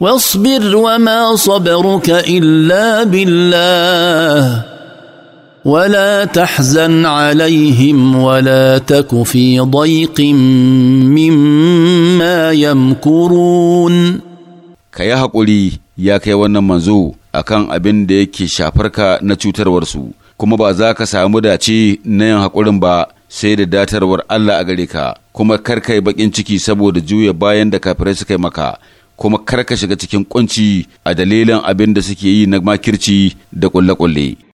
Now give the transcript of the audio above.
واصبر وما صبرك الا بالله ولا تحزن عليهم ولا تك في ضيق مما يمكرون كيا حقولي يا كي wannan manzo akan abin da yake shafarka na cutarwarsu kuma ba za ka samu dace na yin haƙurin ba sai da datarwar Allah a gare ka kuma karkai baƙin ciki saboda juya bayan da kafirai suka yi maka kuma kar ka shiga cikin kunci a dalilin abin da suke yi na makirci da kulle-kulle.